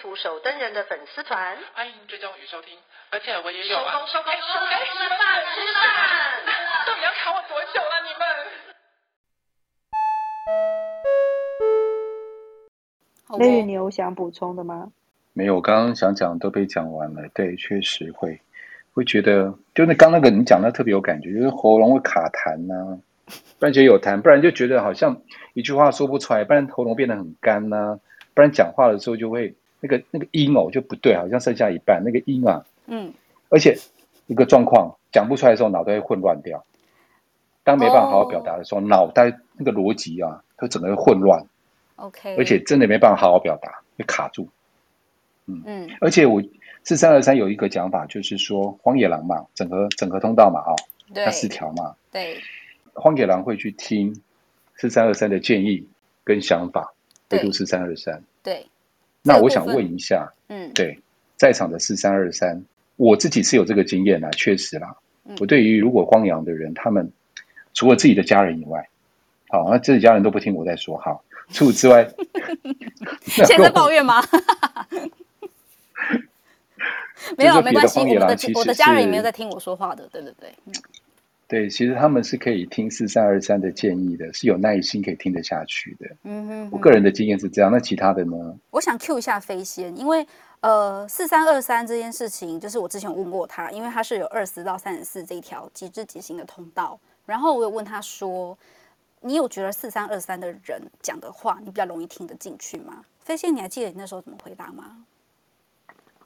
徒手登人的粉絲團，歡迎追蹤與收聽。而且我也有、啊、收工收工，哎、收工吃飯吃飯，到底飯飯要卡我多久啊你們？你有想補充的嗎？沒有，我剛剛想講都被講完了。對，確實會會覺得，就那剛，剛那個你講的特別有感覺，就是喉嚨會卡痰吶，啊，不然就有痰，不然就覺得好像一句話說不出來，不然喉嚨變得很乾吶，啊，不然講話的時候就會。那個那個音哦就不對，好像剩下一半那個音啊，嗯，而且一個狀況講不出來的時候，腦袋會混亂掉。當沒辦法好好表達的時候，腦、哦、袋那個邏輯啊，它整個會混亂。OK。而且真的沒辦法好好表達，會卡住。嗯嗯。而且我四三二三有一個講法，就是說荒野狼嘛，整合整合通道嘛啊、哦，對那四條嘛對。對。荒野狼會去聽，四三二三的建議跟想法，回頭四三二三。對。那我想問一下，嗯，對，在場的四三二三，我自己是有這個經驗啊，確實啦。我對於如果光陽的人，他們除了自己的家人以外，好、啊，那自己家人都不聽我在說哈。除此之外， 現在在抱怨嗎？沒有， 沒關係，我的我的家人也沒有在聽我說話的，對不對？嗯對，其實他們是可以聽四三二三的建議的，是有耐心可以聽得下去的。嗯哼，哼，我個人的經驗是這樣。那其他的呢？我想 cue 一下飛仙，因為呃四三二三這件事情，就是我之前有問過他，因為他是有二十到三十四這一條即知即行的通道。然後我有問他說，你有覺得四三二三的人講的話，你比較容易聽得進去嗎？飛仙，你還記得你那時候怎麼回答嗎？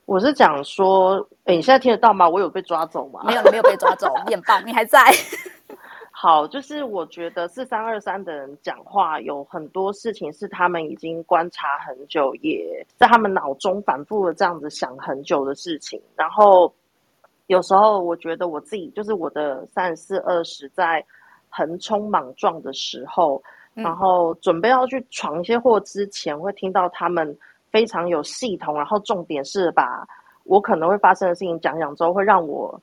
我是講說，哎、欸，你現在聽得到嗎？我有被抓走嗎？沒有，沒有被抓走， 你很棒，你還在。好，就是我覺得四三二三的人講話有很多事情是他們已經觀察很久，也在他們腦中反復的這樣子想很久的事情。然後有時候我覺得我自己就是我的三十四二十在橫衝莽撞的時候，嗯、然後準備要去闖一些禍之前，會聽到他們。非常有系統，然後重點是把我可能會發生的事情講講之後，會讓我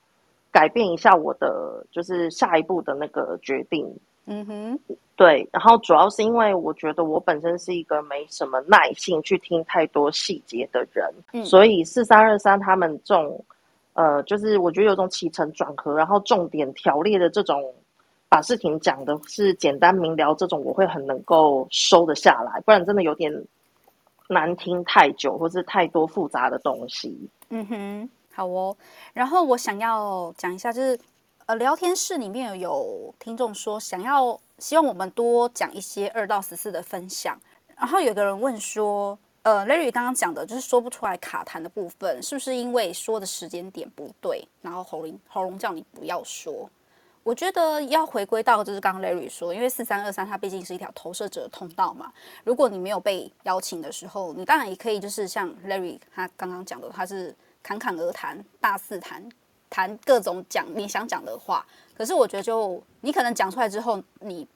改變一下我的就是下一步的那個決定。嗯哼，對。然後主要是因為我覺得我本身是一個沒什麼耐性去聽太多細節的人，嗯，所以四三二三他們這種，呃，就是我覺得有種起承轉合，然後重點條列的這種，把事情講的是簡單明了，這種我會很能夠收得下來，不然真的有點。難聽太久，或是太多複雜的東西。嗯哼，好哦。然後我想要講一下，就是呃，聊天室裡面有聽眾說，想要希望我們多講一些二到十四的分享。然後有個人問說，呃，Larry 剛剛講的就是說不出來卡痰的部分，是不是因為說的時間點不對，然後喉嚨喉嚨叫你不要說？我覺得要回歸到就是剛剛 Larry 說，因為四三二三它畢竟是一條投射者的通道嘛。如果你沒有被邀請的時候，你當然也可以就是像 Larry 他剛剛講的，他是侃侃而談，大肆談，談各種講你想講的話。可是我覺得就你可能講出來之後，你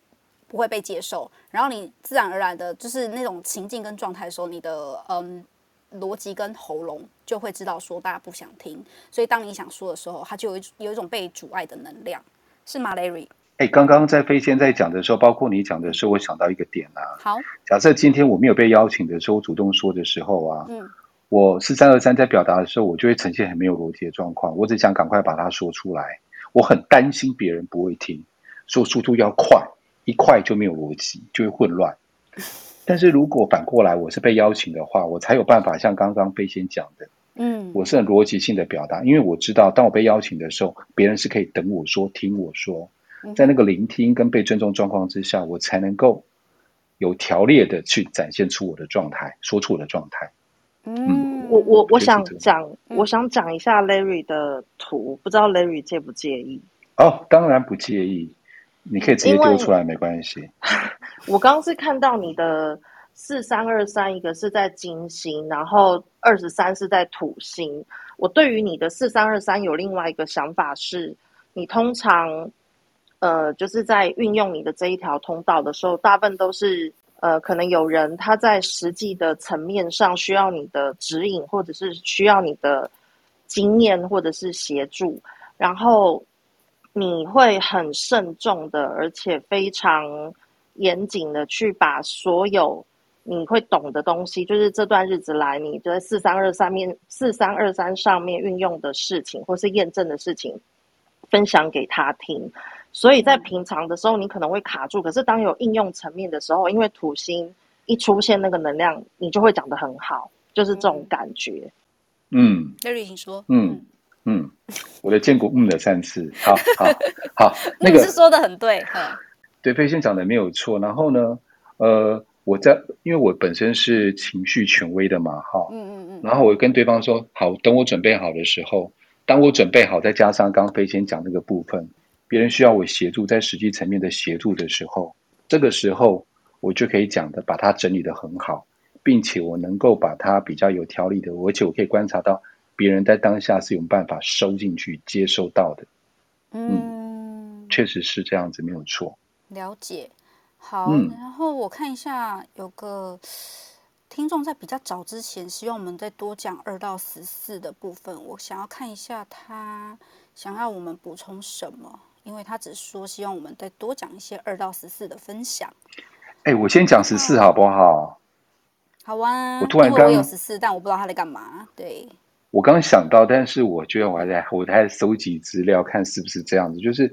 不會被接受，然後你自然而然的就是那種情境跟狀態的時候，你的嗯邏輯跟喉嚨就會知道說大家不想聽。所以當你想說的時候，它就有一有一種被阻礙的能量。是馬雷瑞。哎、欸，剛剛在飛仙在講的時候，包括你講的時候，我想到一個點啊。好，假設今天我沒有被邀請的時候，我主動說的時候啊，嗯，我是四三二三在表達的時候，我就會呈現很沒有邏輯的狀況。我只想趕快把它說出來，我很擔心別人不會聽，說速度要快，一快就沒有邏輯，就會混亂。 但是如果反過來，我是被邀請的話，我才有辦法像剛剛飛仙講的。嗯，我是很邏輯性的表達，因為我知道，當我被邀請的時候，別人是可以等我說、聽我說，在那個聆聽跟被尊重狀況之下，我才能夠有條列的去展現出我的狀態、說出我的狀態。嗯，我我我想講，我想講一下 Larry 的圖，不知道 Larry 介不介意？哦，當然不介意，你可以直接丟出來，沒關係。我剛剛是看到你的。四三二三，4, 3, 2, 3一個是在金星，然後二十三是在土星。我對於你的四三二三有另外一個想法是，你通常，呃，就是在運用你的這一條通道的時候，大部分都是呃，可能有人他在實際的層面上需要你的指引，或者是需要你的經驗，或者是協助，然後你會很慎重的，而且非常嚴謹的去把所有。你會懂的東西，就是這段日子來你就在四三二三面，四三二三上面運用的事情，或是驗證的事情，分享給他聽。所以在平常的時候，你可能會卡住；可是當有應用層面的時候，因為土星一出現那個能量，你就會講得很好，就是這種感覺。嗯，那瑞晴說，嗯嗯，我的堅固嗯了三次，好好好，好那個、你是說得很對，對，飛仙講的沒有錯。然後呢，呃。我在，因為我本身是情緒權威的嘛，哈，嗯嗯嗯，然後我跟對方說，好，等我準備好的時候，當我準備好，再加上剛飛仙講那個部分，別人需要我協助，在實際層面的協助的時候，這個時候我就可以講的，把它整理得很好，並且我能夠把它比較有條理的，而且我可以觀察到別人在當下是有辦法收進去、接收到的。嗯，確實是這樣子，沒有錯。嗯、了解。好，然後我看一下，有個聽眾在比較早之前，希望我們再多講二到十四的部分。我想要看一下他想要我們補充什麼，因為他只說希望我們再多講一些二到十四的分享。哎、欸，我先講十四好不好？哎、好啊，我突然剛，因為我有十四，但我不知道他在幹嘛。對。我剛想到，但是我覺得我在我在蒐集資料，看是不是這樣子。就是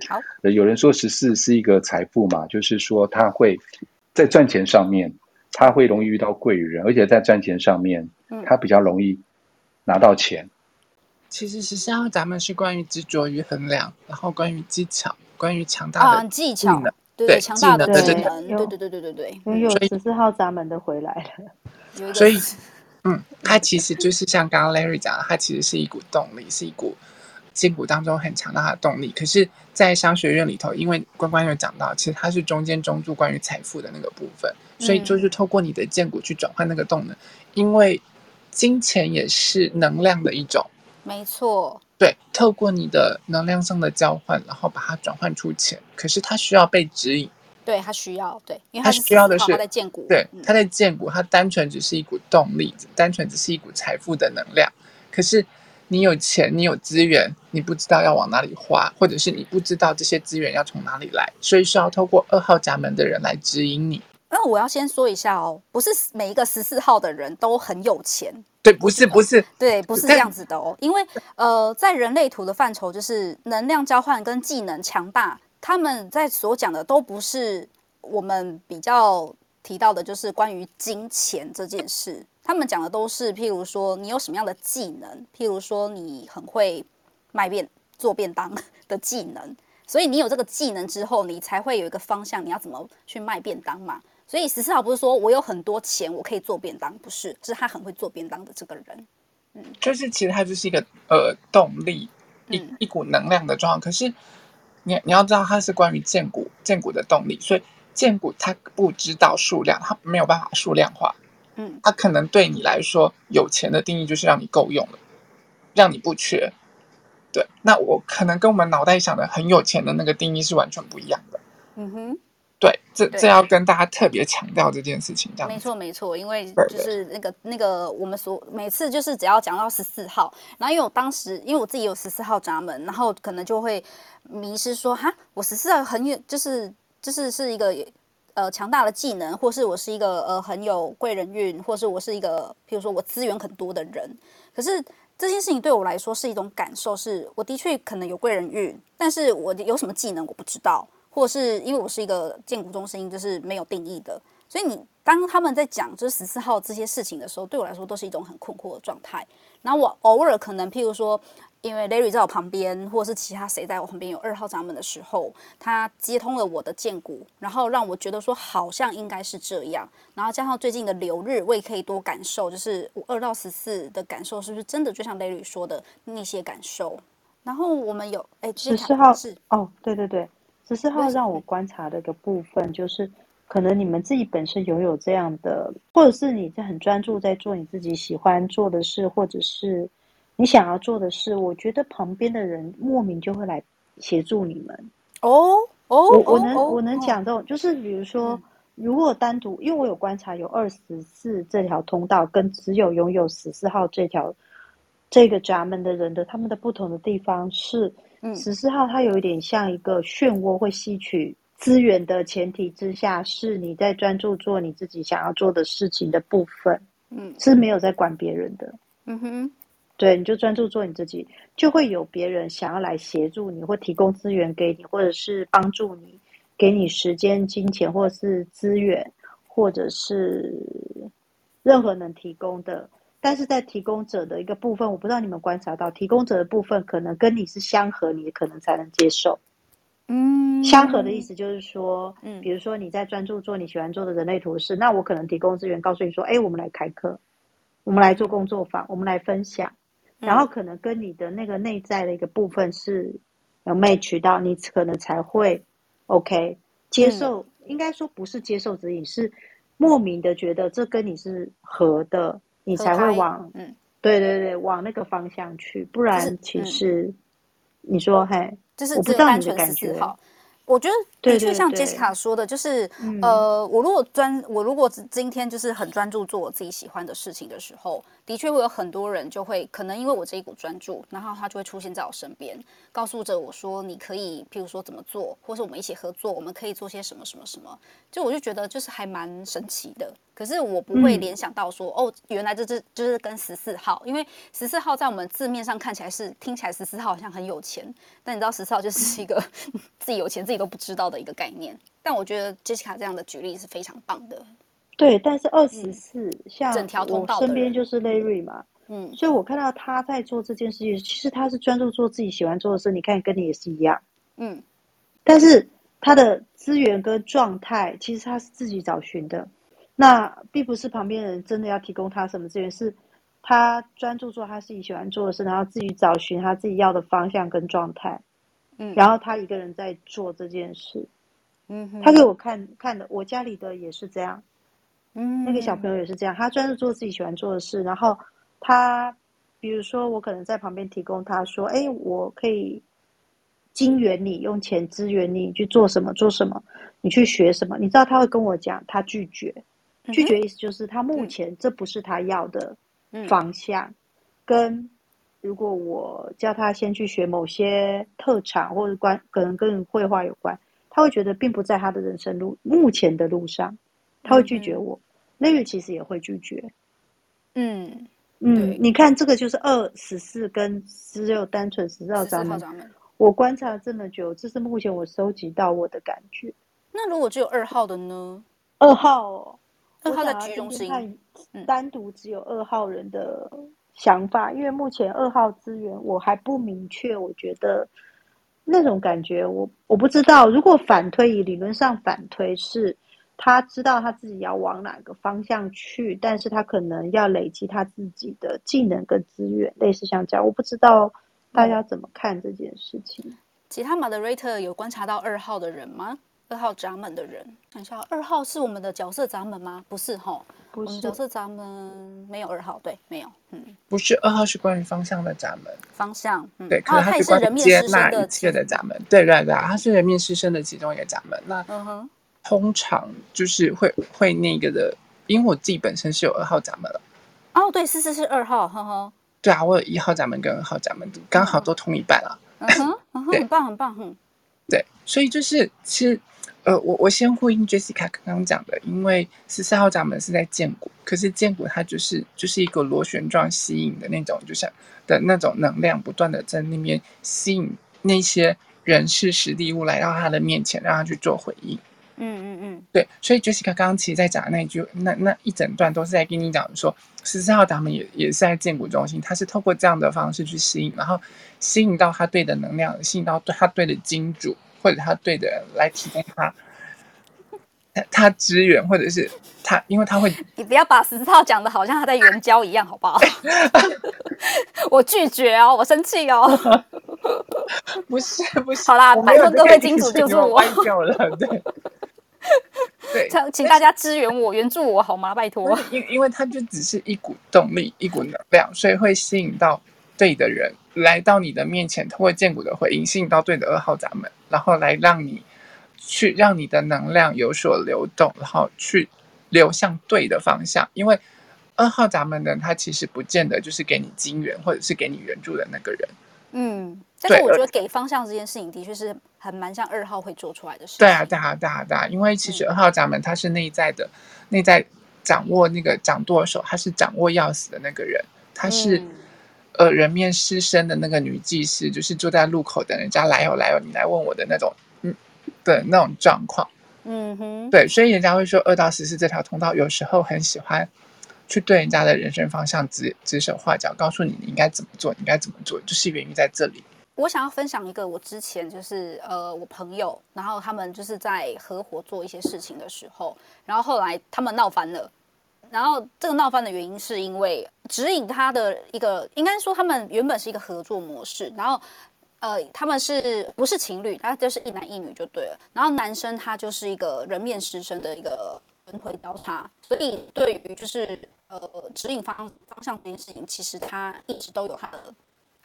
有人說十四是一個財富嘛，就是說他會在賺錢上面，他會容易遇到貴人，而且在賺錢上面，他比較容易拿到錢。嗯、其實十四號閘門是關於執著與衡量，然後關於技巧，關於強大的技、啊、技巧對，對強大的對能對，對對對對對對，十四號閘門都回來了，所以。嗯，它其實就是像剛剛 Larry 講的，它其實是一股動力，是一股薦骨當中很強大的動力。可是，在商學院裡頭，因為關關有講到，其實它是中間中柱關於財富的那個部分，所以就是透過你的薦骨去轉換那個動能，嗯、因為金錢也是能量的一種。沒錯，對，透過你的能量上的交換，然後把它轉換出錢，可是它需要被指引。對他需要，對，因為他，他需要的是他在建股，對，嗯、他在建股，他單純只是一股動力，單純只是一股財富的能量。可是你有錢，你有資源，你不知道要往哪裡花，或者是你不知道這些資源要從哪裡來，所以需要透過二號閘門的人來指引你。那我要先說一下哦，不是每一個十四號的人都很有錢，對，不是，不是、呃，對，不是這樣子的哦，但因為呃，在人類圖的範疇，就是能量交換跟技能強大。他們在所講的都不是我們比較提到的，就是關於金錢這件事。他們講的都是，譬如說你有什麼樣的技能，譬如說你很會賣便做便當的技能。所以你有這個技能之後，你才會有一個方向，你要怎麼去賣便當嘛。所以十四號不是說我有很多錢，我可以做便當，不是，是他很會做便當的這個人。嗯，就是其實他就是一個呃動力一一股能量的狀、嗯、可是。你你要知道，它是關於薦骨薦骨的動力，所以薦骨它不知道數量，它沒有辦法數量化，嗯，它可能對你來說，有錢的定義就是讓你夠用的，讓你不缺，對，那我可能跟我們腦袋想的很有錢的那個定義是完全不一樣的，嗯哼。對，這對這要跟大家特別強調這件事情，這樣沒錯沒錯，因為就是那個是的那個，我們說每次就是只要講到十四號，然後因為我當時因為我自己有十四號閘門，然後可能就會迷失說哈，我十四號很有，就是就是是一個呃強大的技能，或是我是一個呃很有貴人運，或是我是一個，譬如說我資源很多的人，可是這件事情對我來說是一種感受是，是我的確可能有貴人運，但是我有什麼技能我不知道。或是因為我是一個建股中聲音，就是沒有定義的，所以你當他們在講就是十四號這些事情的時候，對我來說都是一種很困惑的狀態。然後我偶爾可能，譬如說，因為雷 a 在我旁邊，或者是其他誰在我旁邊有二號閘門的時候，他接通了我的建股，然後讓我覺得說好像應該是這樣。然後加上最近的流日，我也可以多感受，就是我二到十四的感受是不是真的就像雷 a 說的那些感受？然後我們有哎，十四號是哦，對對對。十四號讓我觀察的一個部分就是，可能你們自己本身擁有這樣的，或者是你在很專注在做你自己喜歡做的事，或者是你想要做的事。我覺得旁邊的人莫名就會來協助你們。哦哦，我我能我能講這種，就是比如說，如果單獨，因為我有觀察，有二十四這條通道跟只有擁有十四號這條這個閘門的人的他們的不同的地方是。嗯，十四號，它有一點像一個漩渦，會吸取資源的前提之下，是你在專注做你自己想要做的事情的部分，嗯，是沒有在管別人的，嗯哼，對，你就專注做你自己，就會有別人想要來協助你，或提供資源給你，或者是幫助你，給你時間、金錢或者是資源，或者是任何能提供的。但是在提供者的一個部分，我不知道你們觀察到提供者的部分，可能跟你是相合，你可能才能接受。嗯，相合的意思就是說，嗯，比如說你在專注做你喜歡做的人類圖示，那我可能提供資源，告訴你說，哎，我們來開課，我們來做工作坊，我們來分享，然後可能跟你的那個內在的一個部分是有 match 到，你可能才會 OK 接受。應該說不是接受指引，是莫名的覺得這跟你是合的。你才會往，嗯、對對對，往那個方向去，不然其實，嗯、你說、嗯、嘿，就是我不知道你的感覺安全是，我覺得的對對對確像 Jessica 說的，就是，對對對呃，嗯、我如果專，我如果今天就是很專注做我自己喜歡的事情的時候。的確會有很多人就會可能因為我這一股專注，然後他就會出現在我身邊，告訴着我說你可以，譬如說怎麼做，或是我們一起合作，我們可以做些什麼什麼什麼。就我就覺得就是還蠻神奇的。可是我不會聯想到說、嗯、哦，原來這這、就是、就是跟十四號，因為十四號在我們字面上看起來是聽起來十四號好像很有錢，但你知道十四號就是一個 自己有錢自己都不知道的一個概念。但我覺得 Jessica 這樣的舉例是非常棒的。對，但是二十四像我身邊就是 Larry 嘛，嗯，嗯，所以我看到他在做這件事情，其實他是專注做自己喜歡做的事。你看，跟你也是一樣，嗯，但是他的資源跟狀態，其實他是自己找尋的，那並不是旁邊人真的要提供他什麼資源，是他專注做他自己喜歡做的事，然後自己找尋他自己要的方向跟狀態，嗯，然後他一個人在做這件事，嗯，哼，他給我看看的，我家裡的也是這樣。嗯，那個小朋友也是這樣，他專注做自己喜歡做的事。然後他，比如說我可能在旁邊提供他說，哎、欸，我可以，金援你，用錢支援你，去做什麼做什麼，你去學什麼。你知道他會跟我講，他拒絕，拒絕意思就是他目前這不是他要的方向，跟如果我叫他先去學某些特長或者關，可能跟繪畫有關，他會覺得並不在他的人生路目前的路上。他會拒絕我、嗯、那個其實也會拒絕。嗯嗯，嗯對你看這個就是二十四跟十六單純十四張掌，我觀察這麼久，這是目前我收集到我的感覺。那如果只有二號的呢？二號，二號的居中性，是看單獨只有二號人的想法，嗯、因為目前二號資源我還不明確，我覺得那種感覺我我不知道。如果反推，以理論上反推是。他知道他自己要往哪個方向去，但是他可能要累積他自己的技能跟資源，類似像這樣。我不知道大家怎麼看這件事情。嗯、其他 Moderator 有觀察到二號的人嗎？二號閘門的人，等一下，二號是我們的角色閘門嗎？不是哈，不是我們角色閘門沒有二號，對，沒有，嗯，不是二號是關於方向的閘門，方向，嗯、對，可是還是接納一切的閘門，啊、對，對，對，他是人面獅身的其中一個閘門，那，嗯哼。通常就是會會那個的，因為我自己本身是有二號閘門了。哦，oh, 對，十四是，是，是二號，哈哈。對啊，我有一號閘門跟二號閘門，剛好都同一半了。嗯哼，很棒，很棒，哼。對，所以就是其實，呃，我我先呼應傑西卡剛剛講的，因為十四號閘門是在薦骨，可是薦骨它就是就是一個螺旋狀吸引的那種，就像的那種能量，不斷的在那邊吸引那些人事、實體物來到他的面前，讓他去做回應。嗯嗯嗯，嗯對，所以 Jessica 剛剛其實在講的那一句，那那一整段都是在跟你講說，十四號他們也也是在薦骨中心，他是透過這樣的方式去吸引，然後吸引到他對的能量，吸引到他對的金主或者他對的人來提供他他、他支援，或者是他，因為他會，你不要把十四號講的好像他在援交一樣，啊、好不好？哎、 我拒絕哦，我生氣哦，不是 不是，不是好啦，沒百分都被金主 對就是我，了，對。對， 請大家支援我，援助我，好嗎？拜託。因 因為他就只是一股動力，一股能量，所以會吸引到對的人來到你的面前，透過薦骨的回應，吸引到對的二號閘門，然後來讓你去讓你的能量有所流動，然後去流向對的方向。因為二號閘門呢，他其實不見得就是給你金援或者是給你援助的那個人，嗯。但是我覺得給方向這件事情的確是很蠻像二號會做出來的事情。對啊，對啊，對啊，對啊，因為其實二號閘門他是內在的，嗯、內在掌握那個掌舵手，他是掌握鑰匙的那個人，他是呃，人面獅身的那個女祭司，嗯、就是坐在路口等人家來哦來哦，你來問我的那種，嗯的那種狀況，嗯哼，對，所以人家會說二到十四這條通道有時候很喜歡去對人家的人生方向指指手畫腳，告訴你你應該怎麼做，你應該怎麼做，就是原因在這裡。我想要分享一個，我之前就是呃，我朋友，然後他們就是在合夥做一些事情的時候，然後後來他們鬧翻了，然後這個鬧翻的原因是因為指引他的一個，應該說他們原本是一個合作模式，然後呃，他們是不是情侶？他就是一男一女就對了。然後男生他就是一個人面獅身的一個輪迴交叉，所以對於就是呃，指引方、方向這件事情，其實他一直都有他的。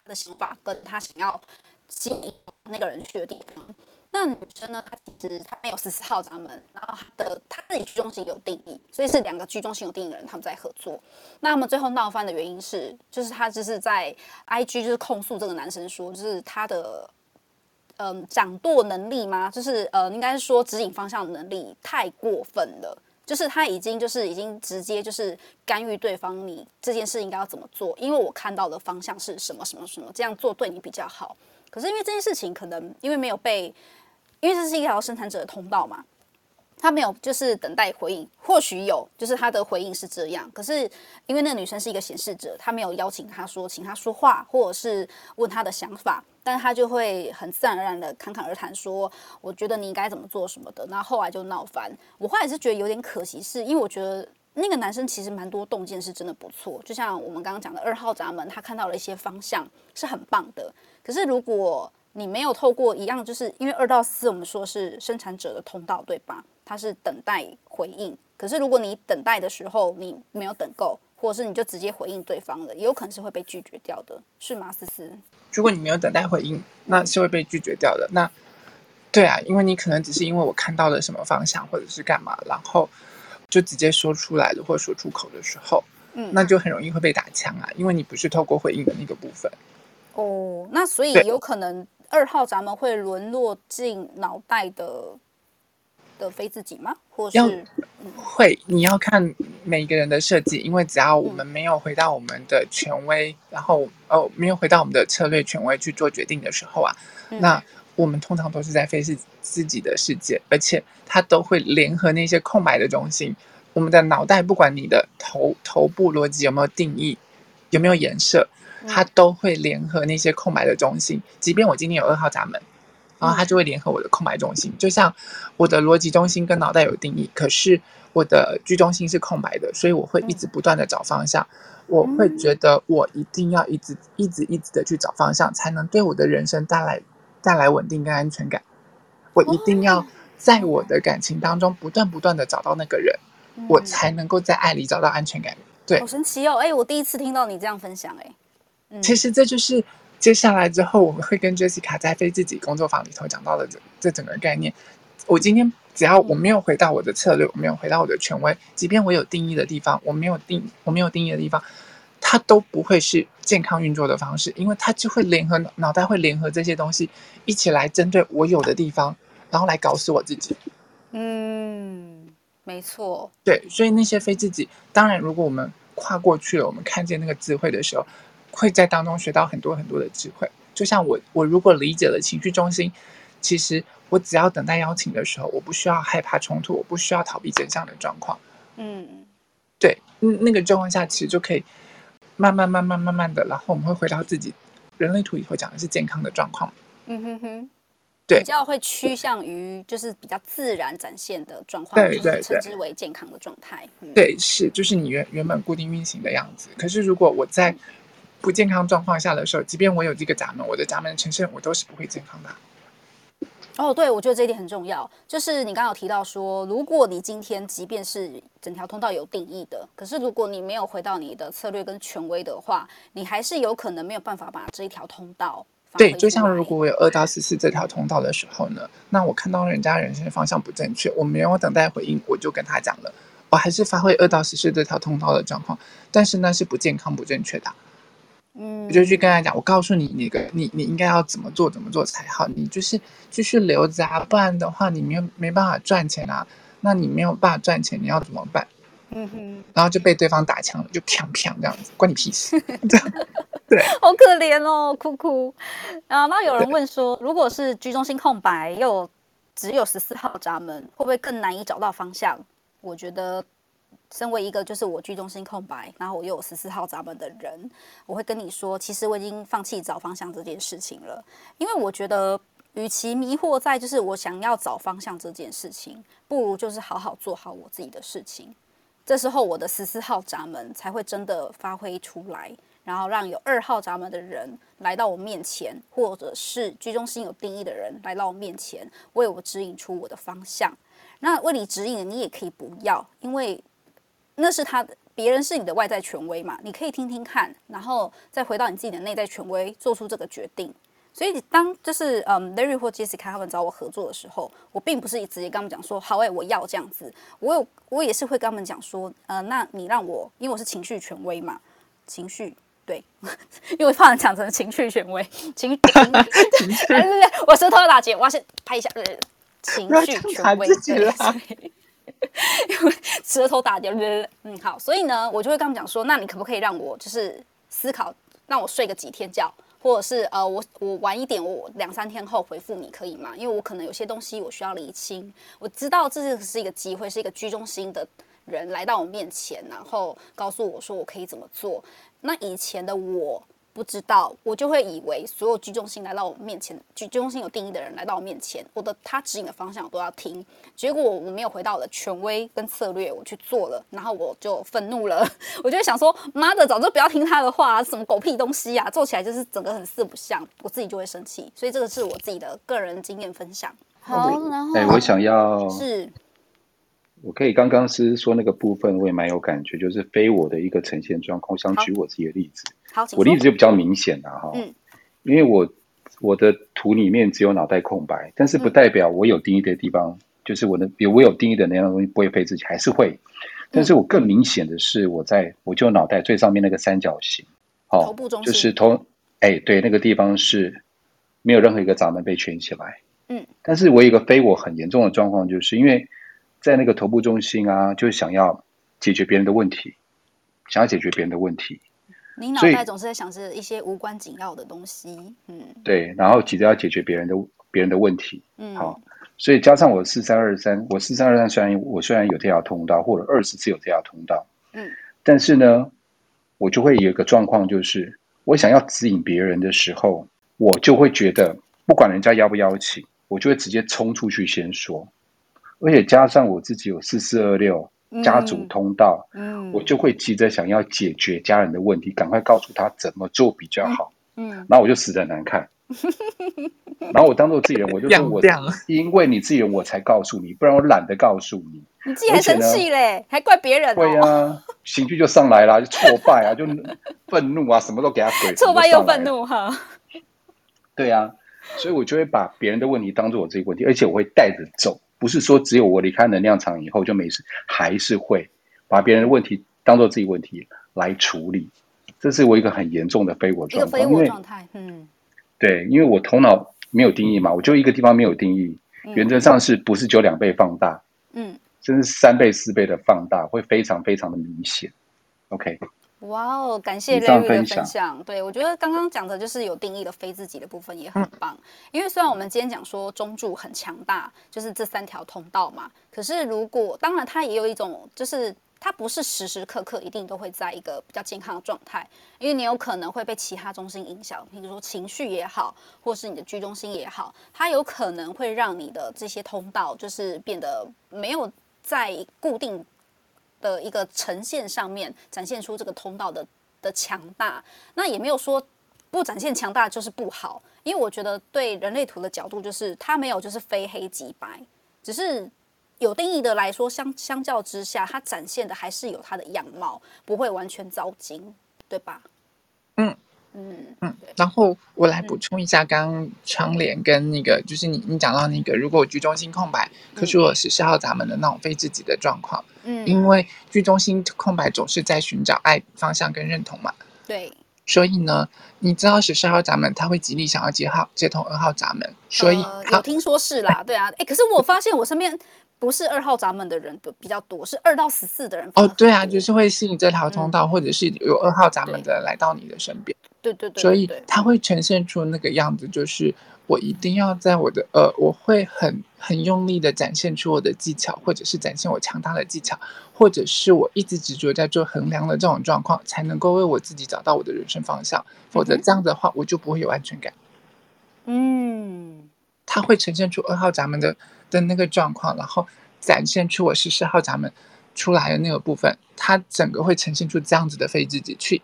的想法跟他想要吸引那個人去的地方。那女生呢？她其實她沒有十四號閘門，然後她的她自己居中心有定義，所以是兩個居中心有定義的人他們在合作。那麼最後鬧翻的原因是，就是他就是在 IG 就是控訴這個男生說，就是他的嗯、呃、掌舵能力嘛，就是呃應該是說指引方向的能力太過分了。就是他已經就是已經直接就是干預對方，你這件事應該要怎麼做？因為我看到的方向是什麼什麼什麼，這樣做對你比較好。可是因為這件事情可能因為沒有被，因為這是一條生產者的通道嘛，他沒有就是等待回應，或許有，就是他的回應是這樣。可是因為那女生是一個顯示者，他沒有邀請他說，請他說話，或者是問他的想法。但是他就會很自然而然的侃侃而談，說我覺得你應該怎麼做什麼的，然後後來就鬧翻。我後來也是覺得有點可惜，是因為我覺得那個男生其實蠻多洞見是真的不錯，就像我們剛剛講的二號閘門，他看到了一些方向是很棒的。可是如果你沒有透過一樣，就是因為二到四我們說是生產者的通道，對吧？他是等待回應，可是如果你等待的時候你沒有等夠，或者是你就直接回應對方了，也有可能是會被拒絕掉的，是嗎，思思？如果你沒有等待回應，那是會被拒絕掉的。那，對啊，因為你可能只是因為我看到了什麼方向，或者是幹嘛，然後就直接說出來了，或者說出口的時候，嗯、啊，那就很容易會被打槍啊，因為你不是透過回應的那個部分。哦，那所以有可能二號咱們會淪落進腦袋的的非自己嗎？或是要會你要看每一個人的設計，因為只要我們沒有回到我們的權威，嗯、然後哦沒有回到我們的策略權威去做決定的時候啊，嗯、那我們通常都是在非自己的世界，而且他都會聯合那些空白的中心。我們的腦袋不管你的頭頭部邏輯有沒有定義，有沒有顏色，它都會聯合那些空白的中心。即便我今天有二號閘門。然後他就會聯合我的空白中心，就像我的邏輯中心跟腦袋有定義，可是我的 G 中心是空白的，所以我會一直不斷的找方向。嗯、我會覺得我一定要一直一直一直的去找方向，才能對我的人生帶來帶來穩定跟安全感。我一定要在我的感情當中不斷不斷的找到那個人，嗯、我才能夠在愛裡找到安全感。對，好、哦、神奇哦！哎，我第一次聽到你這樣分享哎。嗯、其實這就是。接下來之後，我們會跟 Jessica 在非自己工作坊裡頭講到的這這整個概念。我今天只要我沒有回到我的策略，我沒有回到我的權威，即便我有定義的地方，我沒有定我沒有定義的地方，它都不會是健康運作的方式，因為它就會聯合腦袋會聯合這些東西一起來針對我有的地方，然後來搞死我自己。嗯，沒錯。對，所以那些非自己，當然，如果我們跨過去了，我們看見那個智慧的時候。會在當中學到很多很多的智慧，就像我，我如果理解了情緒中心，其實我只要等待邀請的時候，我不需要害怕衝突，我不需要逃避真相的狀況。嗯，對，那那個狀況下，其實就可以慢慢、慢慢、慢慢的，然後我們會回到自己人類圖以後講的是健康的狀況。嗯哼哼，對，比較會趨向於就是比較自然展現的狀況，對對對，稱之為健康的狀態。嗯、對，是，就是你原原本固定運行的樣子。可是如果我在、嗯不健康狀況下的時候，即便我有這個閘門，我的閘門的呈現，城市我都是不會健康的。哦，oh, 對，我覺得這一點很重要，就是你剛剛有提到說，如果你今天即便是整條通道有定義的，可是如果你沒有回到你的策略跟權威的話，你還是有可能沒有辦法把這一條通道。對，就像如果我有二到十四這條通道的時候呢，對那我看到人家人生的方向不正確，我沒有等待回應，我就跟他講了，我還是發揮二到十四這條通道的狀況，但是那是不健康不正確的。嗯，我就去跟他講，我告訴你，你個你你應該要怎麼做怎麼做才好，你就是繼續留着啊，不然的話你沒沒辦法賺錢啊，那你沒有辦法賺錢，你要怎麼辦？嗯哼，然後就被對方打槍了，就啪啪這樣子，關你屁事， 對 好可憐哦，哭哭然後、啊、有人問說，對如果是 G 中心空白又只有十四號閘門，會不會更難以找到方向？我覺得。身為一個就是我居中心空白，然後我又有十四號閘門的人，我會跟你說，其實我已經放棄找方向這件事情了，因為我覺得，與其迷惑在就是我想要找方向這件事情，不如就是好好做好我自己的事情。這時候我的十四號閘門才會真的發揮出來，然後讓有二號閘門的人來到我面前，或者是居中心有定義的人來到我面前，為我指引出我的方向。那為你指引的，你也可以不要，因為。那是他的，別人是你的外在權威嘛，你可以聽聽看，然後再回到你自己的內在權威做出這個決定。所以當就是嗯，Larry 或 Jessica 他們找我合作的時候，我並不是一直跟他們講說好哎、欸，我要這樣子。我有我也是會跟他們講說，呃，那你讓我，因為我是情緒權威嘛，情緒對， 因為我怕人講成情緒權威，情緒，對對我舌頭要打結，我要先拍一下， 情緒權威。 舌頭打掉，嗯，好，所以呢，我就會跟他們講說，那你可不可以讓我就是思考，讓我睡個幾天覺，或者是呃，我我晚一點，我兩三天後回復你可以嗎？因為我可能有些東西我需要釐清，我知道這是一個機會，是一個居中心的人來到我面前，然後告訴我說我可以怎麼做。那以前的我。不知道，我就會以為所有居中心來到我面前，居中心有定義的人來到我面前，我的他指引的方向我都要聽。結果我沒有回到我的權威跟策略，我去做了，然後我就憤怒了，我就想說，媽的，早就不要聽他的話，什麼狗屁東西啊，做起來就是整個很四不像，我自己就會生氣。所以這個是我自己的個人經驗分享。好，然後、欸、我想要是。我可以剛剛是說那個部分，我也蠻有感覺，就是非我的一個呈現狀況。想舉我自己的例子，好好我例子就比較明顯了哈。嗯、因為我我的圖裡面只有腦袋空白，但是不代表我有定義的地方，嗯、就是我的有我有定義的那樣東西不會飛自己還是會。但是我更明顯的是我在，我在我就腦袋最上面那個三角形，嗯、哦，就是頭，哎、欸，對，那個地方是沒有任何一個閘門被圈起來。嗯，但是我有一個非我很嚴重的狀況，就是因為。在那個頭部中心啊，就是想要解決別人的問題，想要解決別人的問題。你腦袋總是在想是一些無關緊要的東西，以嗯，對。然後急着要解決別人的別人的問題，嗯，好、啊。所以加上我四三二三，我四三二三雖然我雖然有這條通道，或者二十次有這條通道，嗯，但是呢，我就會有一個狀況，就是我想要指引別人的時候，我就會覺得不管人家邀不邀請，我就會直接衝出去先說。而且加上我自己有四四二六家族通道，嗯，我就會急着想要解決家人的問題，趕、嗯、快告訴他怎麼做比較好，嗯，嗯，然後我就死的難看， 然後我當做自己人，我就說，我因為你自己人我才告訴你，不然我懶得告訴你。你自己還生氣嘞，還怪別人、哦。對啊，情緒就上來了，就挫敗啊， 就憤怒啊，什麼都給他懟出來。挫敗又憤怒哈，對啊，所以我就會把別人的問題當做我自己問題，而且我會帶着走。不是說只有我離開能量場以後就沒事，還是會把別人的問題當做自己問題來處理。這是我一個很嚴重的非我狀態，非我狀態嗯、因為嗯，對，因為我頭腦沒有定義嘛，我就一個地方沒有定義。原則上是不是就兩倍放大？嗯，甚至三倍、四倍的放大，會非常非常的明顯。OK。哇哦，wow, 感謝 Larry 的分享。分享。對，我覺得剛剛講的就是有定義的非自己的部分也很棒。嗯、因為雖然我們今天講說中柱很強大，就是這三條通道嘛，可是如果當然它也有一種，就是它不是時時刻刻一定都會在一個比較健康的狀態，因為你有可能會被其他中心影響，比如說情緒也好，或是你的居中心也好，它有可能會讓你的這些通道就是變得沒有再固定。的一個呈現上面展現出這個通道的的強大，那也沒有說不展現強大就是不好，因為我覺得對人類圖的角度，就是它沒有就是非黑即白，只是有定義的來說，相相較之下，它展現的還是有它的樣貌，不會完全糟經，對吧？嗯。嗯嗯，然後我來補充一下，剛剛窗簾跟那個就是你你講到那個，如果居中心空白，可是我十四號閘門的那種非自己的狀況，嗯，因為劇中心空白總是在尋找愛方向跟認同嘛，對，所以呢，你知道十四號閘門他會極力想要接號接通二號閘門，所以我聽說是啦，對啊，哎，可是我發現我身邊不是二號閘門的人比較多，是二到十四的人哦，對啊，就是會吸引這條通道，或者是有二號閘門的人來到你的身邊。對，對對對，所以他會呈現出那個樣子，就是我一定要在我的呃，我會很很用力的展現出我的技巧，或者是展現我強大的技巧，或者是我一直執着在做衡量的這種狀況，才能夠為我自己找到我的人生方向。否則這樣的話，我就不會有安全感。嗯哼，他會呈現出二號閘門的的那個狀況，然後展現出我十四號閘門出來的那個部分，它整個會呈現出這樣子的非自己去。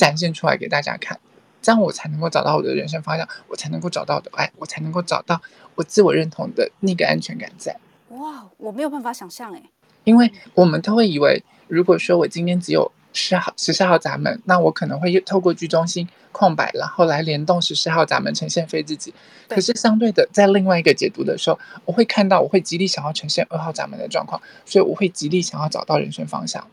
展現出來給大家看，這樣我才能夠找到我的人生方向，我才能夠找到的，哎，我才能夠找到我自我認同的那個安全感在。哇，我沒有辦法想象誒，因為我們都會以為，如果說我今天只有十號、十四號閘門，那我可能會透過 G 中心空白，然後來聯動十四號閘門呈現非自己。對可是相對的，在另外一個解讀的時候，我會看到，我會極力想要呈現二號閘門的狀況，所以我會極力想要找到人生方向。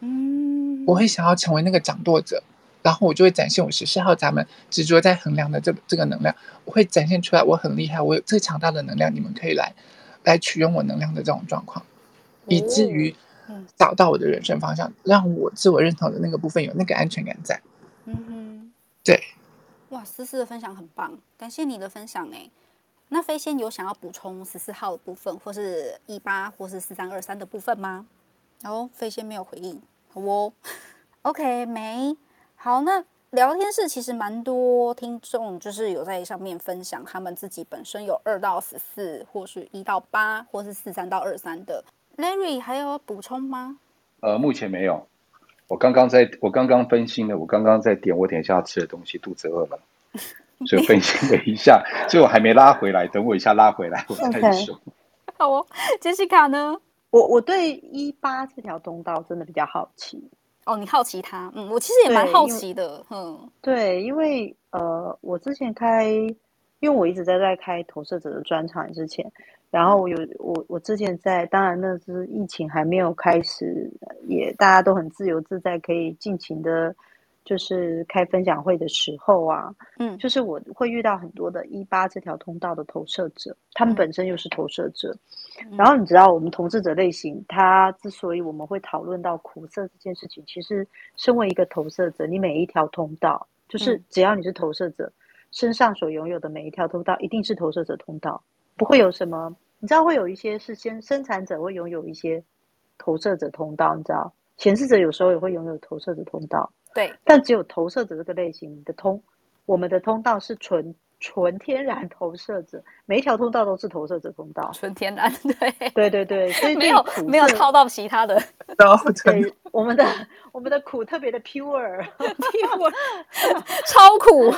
嗯，我會想要成為那個掌舵者。然後我就會展現我十四號咱們執着在衡量的這這個能量，我會展現出來，我很厲害，我有最強大的能量，你們可以來，來取用我能量的這種狀況，以至於找到我的人生方向，讓我自我認同的那個部分有那個安全感在。嗯哼，對，哇，思思的分享很棒，感謝你的分享誒，那飛仙有想要補充十四號的部分，或是一八，或是四三二三的部分嗎？哦，飛仙沒有回應，好哦。OK，沒。好，那聊天室其實蠻多、哦、聽眾，就是有在上面分享他們自己本身有二到十四，或是一到八，或是四三到二三的。Larry 還有補充嗎？呃，目前沒有。我剛剛在，我剛剛分心了。我剛剛在點，我等一下要吃的東西，肚子餓了，所以分心了一下。結果 還沒拉回來，等我一下拉回來，我再說。Okay. 好哦，Jessica 呢？我我對一、e、八這條通道真的比較好奇。哦，你好奇他，嗯，我其實也蠻好奇的，嗯，對，因為、嗯、因為呃，我之前開，因為我一直在在開投射者的專場之前，然後有我有我我之前在，當然那是疫情還沒有開始，也大家都很自由自在，可以盡情的。就是開分享會的時候啊，嗯，就是我會遇到很多的一八這條通道的投射者，他們本身又是投射者。嗯、然後你知道，我們投射者類型，他之所以我們會討論到苦澀這件事情，其實身為一個投射者，你每一條通道，就是只要你是投射者，嗯、身上所擁有的每一條通道一定是投射者通道，不會有什麼。你知道，會有一些是先生產者會擁有一些投射者通道，你知道，顯示者有時候也會擁有投射者通道。對，但只有投射者這個類型的通，我們的通道是純純天然投射者，每一條通道都是投射者通道，純天然。對對對對，所以對，沒有沒有套到其他的。都 對，我們的我們的苦特別的 pure，pure， 超苦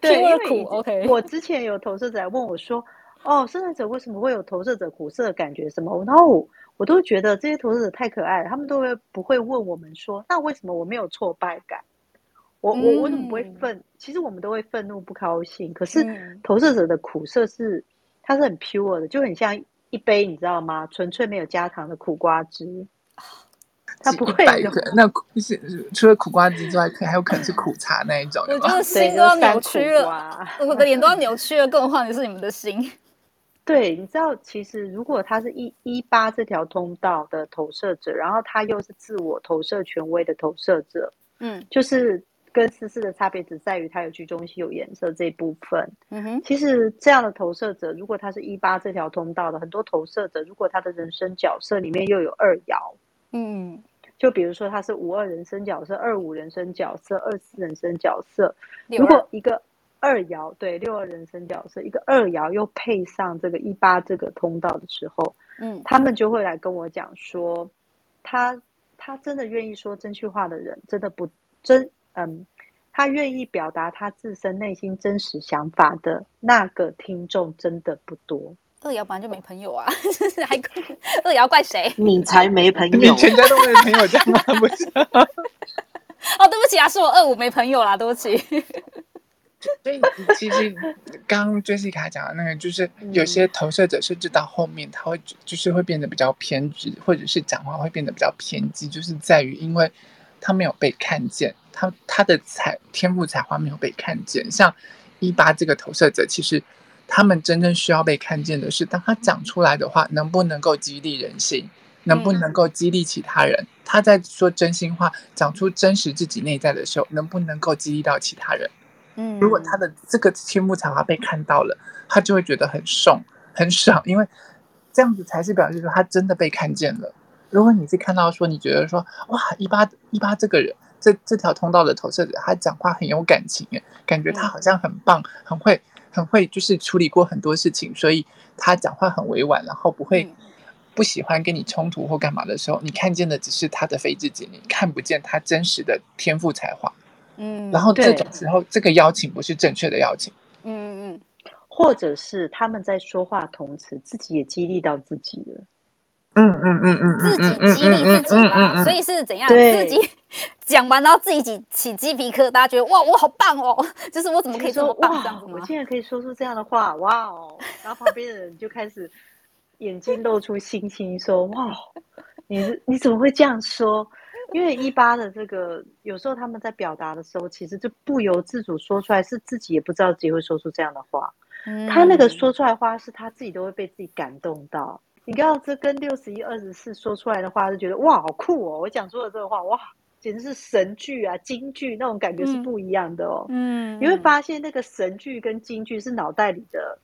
pure 苦。OK，我之前有投射者問我說。哦，生產者為什麼會有投射者苦澀的感覺？什麼？No，我,我都覺得這些投射者太可愛了，他們都會不會問我們說，那為什麼我沒有挫敗感？我、嗯、我我怎麼不會憤？其實我們都會憤怒不高興，可是投射者的苦澀是，它是很 pure 的，就很像一杯你知道嗎？純粹沒有加糖的苦瓜汁。它不會那苦是除了苦瓜汁之外，可還有可能是苦茶那一種？我真的心都要扭曲了， 我的臉都要扭曲了，更壞的是你們的心。對，你知道，其實如果他是一一八這條通道的投射者，然後他又是自我投射權威的投射者，嗯，就是跟思思的差別只在於他有 G 中心有顏色這一部分。嗯哼，其實這樣的投射者，如果他是一八這條通道的很多投射者，如果他的人生角色裡面又有二爻，嗯，就比如說他是五二人生角色、二五人生角色、二四人生角色，如果一個。二爻對六二人生角色，一個二爻又配上這個一八這個通道的時候，嗯，他們就會來跟我講說，嗯、他他真的願意說真心話的人，真的不真，嗯，他願意表達他自身內心真實想法的那個聽眾真的不多。二爻本來就沒朋友啊！還 二爻怪誰？你才沒朋友，你全家都沒朋友這樣嗎，家滿不孝。哦，對不起啊，是我二五沒朋友啦，對不起。 所以，其實剛 Jessica 講的那個，就是有些投射者甚至到後面，嗯、他會就是會變得比較偏執，或者是講話會變得比較偏激，就是在於因為他沒有被看見，他他的才天賦才華沒有被看見。像一八這個投射者，其實他們真正需要被看見的是，當他講出來的話，嗯、能不能夠激勵人心，能不能夠激勵其他人？嗯、他在說真心話，講出真實自己內在的時候，能不能夠激勵到其他人？嗯，如果他的這個天賦才華被看到了，他就會覺得很爽很爽，因為這樣子才是表示說他真的被看見了。如果你是看到說你覺得說哇，一八一八這個人，這這條通道的投射者，他講話很有感情，感覺他好像很棒，很會很會，就是處理過很多事情，所以他講話很委婉，然後不會不喜歡跟你衝突或幹嘛的時候，你看見的只是他的非自己，你看不見他真實的天賦才華。嗯，然後這種時候，對這個邀請不是正確的邀請。嗯嗯嗯，或者是他們在說話同時，自己也激勵到自己了。嗯嗯嗯嗯，嗯嗯嗯自己激勵自己，嗯嗯嗯嗯、所以是怎樣？對自己講完，然後自己起起雞皮疙瘩，大家覺得哇，我好棒哦！就是我怎麼可以說我棒？我現在可以說出這樣的話，哇哦！然後旁邊的人就開始眼睛露出星星，說 哇，你你怎麼會這樣說？因為一八的這個，有時候他們在表達的時候，其實就不由自主說出來，是自己也不知道自己會說出這樣的話。嗯，他那個說出來的話，是他自己都會被自己感動到。你剛剛這跟六十一、二十四說出來的話，就覺得哇，好酷哦！我講出了這個話，哇，簡直是神劇啊，京劇那種感覺是不一樣的哦。嗯，嗯，你會發現那個神劇跟京劇是腦袋裡的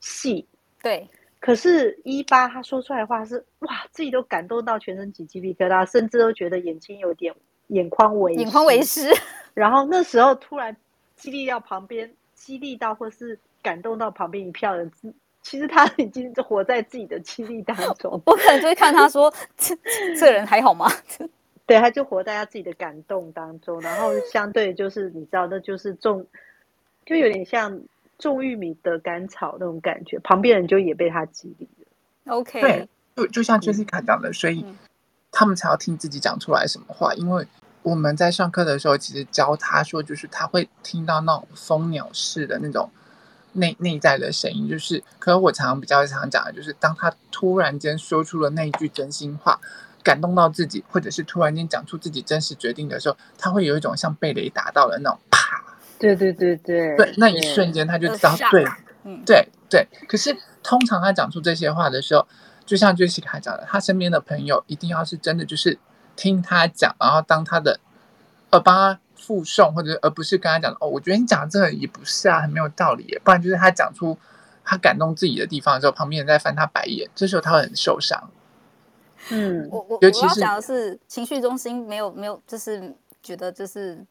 戲，對。可是，一八他說出來的話是哇，自己都感動到全身起雞皮疙瘩，甚至都覺得眼睛有點眼眶微，眼眶微濕。然後那時候突然激勵到旁邊，激勵到或是感動到旁邊一票人，其實他已經就活在自己的激勵當中。我可能就會看他說這 這人還好嗎？對，他就活在他自己的感動當中，然後相對就是你知道，那就是重，就有點像。種玉米的甘草那種感覺，旁邊人就也被他激勵了。OK，對，就就像 Jessica 講的，所以他們才要聽自己講出來什麼話。嗯。因為我們在上課的時候，其實教他說，就是他會聽到那種蜂鳥式的那種內內在的聲音。就是，可是我常常比較常講的就是，當他突然間說出了那一句真心話，感動到自己，或者是突然間講出自己真實決定的時候，他會有一種像被雷打到了那種。對對對對，對，對，那一瞬間他就知道，對，對，對，對對。可是、嗯、通常他講出這些話的時候，就像 Jessica 講的，他身邊的朋友一定要是真的，就是聽他講，然後當他的，呃，幫他附送，或者是而不是跟他講的哦，我覺得你講這個也不是啊，很沒有道理耶。不然就是他講出他感動自己的地方的時候，旁邊人在翻他白眼，這時候他會很受傷。嗯，尤其是我，我要講的是情緒中心沒有沒有，就是覺得就是。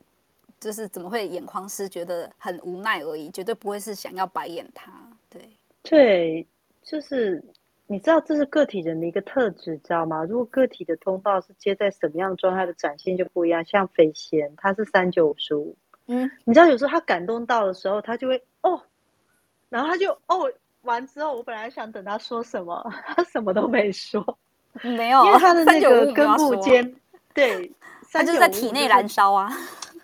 就是怎麼會眼眶濕，覺得很無奈而已，絕對不會是想要白眼他。對對，就是你知道這是個體人的一個特質，知道嗎？如果個體的通道是接在什麼樣狀態的展現就不一樣。像飛仙，他是三九五十五，嗯，你知道有時候他感動到的時候，他就會哦，然後他就哦完之後，我本來想等他說什麼，他什麼都沒說，沒有，因為他的那個根部間、哦、對，就是、他就是在體內燃燒啊。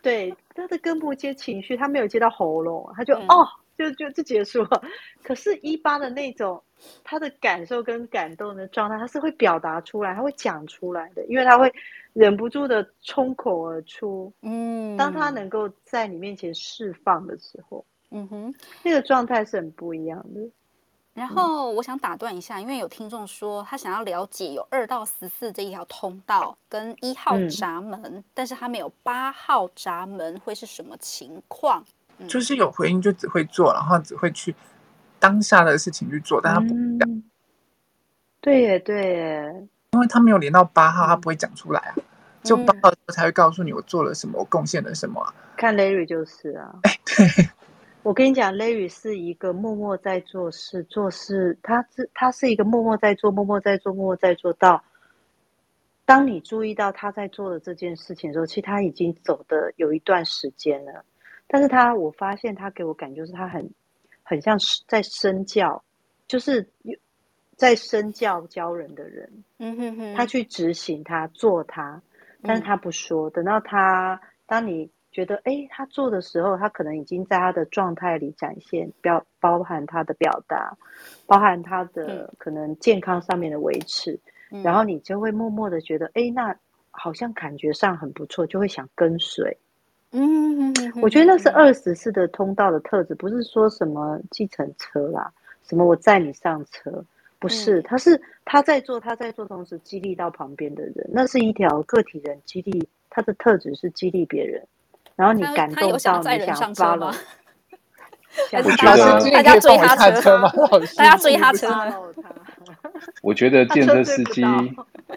對，他的根部接情緒，他沒有接到喉嚨，他就、嗯、哦，就就就結束了。可是，一八的那種他的感受跟感動的狀態，他是會表達出來，他會講出來的，因為他會忍不住的衝口而出。嗯，當他能夠在你面前釋放的時候，嗯哼，那個狀態是很不一樣的。然後我想打斷一下，嗯、因為有聽眾說他想要了解有二到十四這一條通道跟一號閘門，嗯、但是他沒有八號閘門會是什麼情況？嗯、就是有回應就只會做，然後只會去當下的事情去做，嗯、但他不講。對耶，對耶，因為他沒有連到八號，他不會講出來啊。嗯、就八號就才會告訴你我做了什麼，我貢獻了什麼、啊。看賴瑞就是啊，哎對。我跟你講，Larry 是一個默默在做事，做事，他是他是一個默默在做，默默在做，默默在做到。當你注意到他在做的這件事情的時候，其實他已經走的有一段時間了。但是他，我發現他給我感覺是，他很很像是在身教，就是有在身教教人的人。嗯哼哼，他去執行他，他做他，但是他不說。等到他，當你。覺得哎、欸，他做的時候，他可能已經在他的狀態裡展現，表包含他的表達，包含他的可能健康上面的維持，嗯、然後你就會默默的覺得哎、欸，那好像感覺上很不錯，就會想跟隨。嗯，嗯嗯嗯，我覺得那是二十四的通道的特質，不是說什麼計程車啦，什麼我載你上車，不是，嗯、他是他在做，他在做，同時激勵到旁邊的人，那是一條個體人激勵，他的特質是激勵別人。然後你感動，小想強想。大家追他車，大家追他車，我覺得電車司機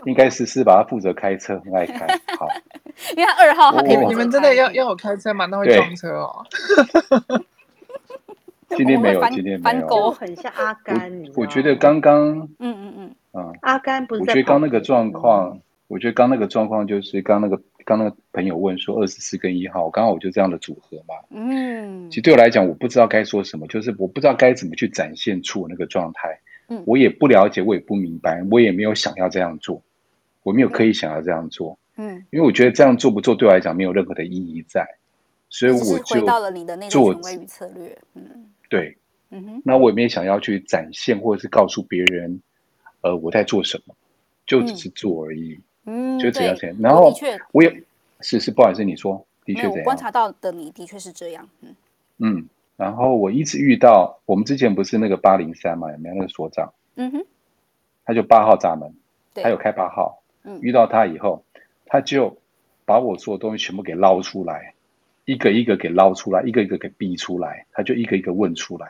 應該是是把他負責開車，很愛開。好，你看二號，你們真的要要我開車嗎？那會撞車哦。今天沒有，今天沒有。翻很像阿甘。我覺得剛剛，嗯嗯嗯，啊，阿甘不是？我覺得剛那個狀況，我覺得剛那個狀況就是剛那個。剛剛朋友問說二十四跟一號，剛好我就這樣的組合嘛。嗯，其實對我來講，我不知道該說什麼，就是我不知道該怎麼去展現出我那個狀態。嗯，我也不了解，我也不明白，我也沒有想要這樣做，我沒有刻意想要這樣做。嗯，因為我覺得這樣做不做對我來講沒有任何的意義在，所以我就做，就回到了你的內在權威與策略。嗯，對。嗯哼，那我也沒想要去展現，或者是告訴別人，呃，我在做什麼，就只是做而已。嗯嗯，就只要錢，的確然後我也，是是，不好意思，你說，的確這樣。我觀察到的你的確是這樣，嗯。嗯，然後我一直遇到，我們之前不是那個八零三嘛，有沒有那個所長？嗯哼，他就八號閘門，他有開八號。嗯對，遇到他以後，他就把我做的東西全部給撈出來，嗯、一個一個給撈出來，一個一個給逼出來，他就一個一個問出來。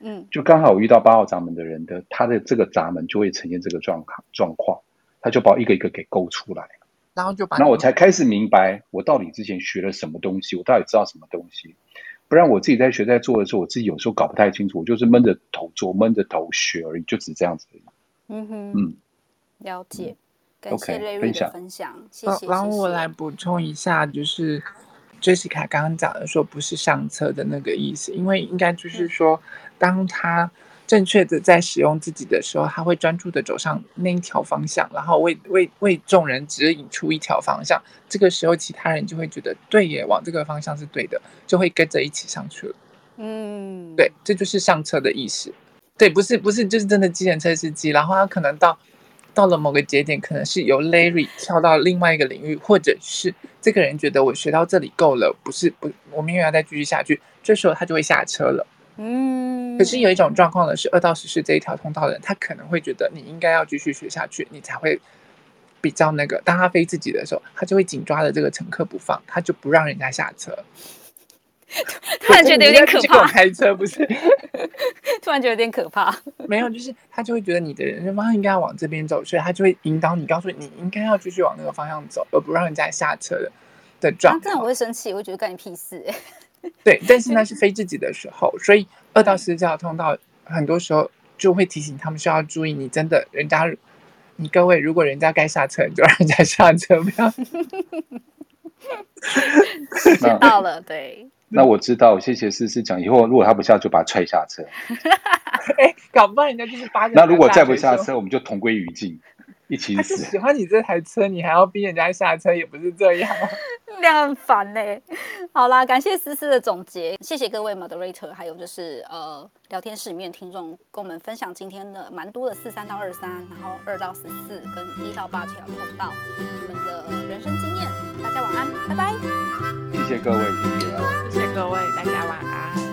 嗯，就剛好我遇到八號閘門的人的，他的這個閘門就會呈現這個狀況狀況。他就把我一個一個給勾出來，然後就把那我才開始明白我到底之前學了什麼東西，我到底知道什麼東西，不然我自己在學在做的時候，我自己有時候搞不太清楚，我就是悶着頭做，悶着頭學而已，就只是這樣子而已。嗯哼，嗯，了解，OK，分享分享。然後我來補充一下，就是 Jessica、嗯、剛剛講的說不是上冊的那個意思，因為應該就是說、嗯、當他。正確的在使用自己的時候，他會專注的走上那一條方向，然後為為為眾人指引出一條方向。這個時候，其他人就會覺得對耶，往這個方向是對的，就會跟着一起上去了。嗯，對，這就是上車的意思。對，不是不是，就是真的計程車司機。然後他可能到到了某個節點，可能是由 Larry 跳到另外一個領域，或者是這個人覺得我學到這裡夠了，不是不，我們又要再繼續下去。這時候他就會下車了。嗯，可是有一種狀況呢，是二到十是四這一條通道的人，他可能會覺得你應該要繼續學下去，你才會比較那個。當他飛自己的時候，他就會緊抓着這個乘客不放，他就不讓人家下車。突然覺得有點可怕，開車不是？突然覺得有點可怕。 沒有，就是他就會覺得你的人生方向應該要往這邊走，所以他就會引導你，告訴你，你應該要繼續往那個方向走，而不讓人家下車的的狀況。那、啊、我會生氣，我會覺得干你屁事 對，但是呢是非自己的時候，所以二到十四這條通道，很多時候就會提醒他們需要注意你。你真的人家，你各位如果人家該下車你就讓人家下車，不要。時間到了，對。那我知道，謝謝思思講，以後如果他不下，就把他踹下車。哎 欸，搞不好人家就是八個。 那如果再不下車， 我們就同歸於盡。一起死！喜歡你這台車，你還要逼人家下車，也不是這樣，這樣 很煩呢、欸。好啦，感謝思思的總結，謝謝各位 moderator，還有就是呃，聊天室裡面聽眾跟我們分享今天的蠻多的四三到二三，然後二到十四跟一到八條通道，你們的人生經驗，大家晚安，拜拜。謝謝各位，謝謝各位、啊，謝謝各位，大家晚安。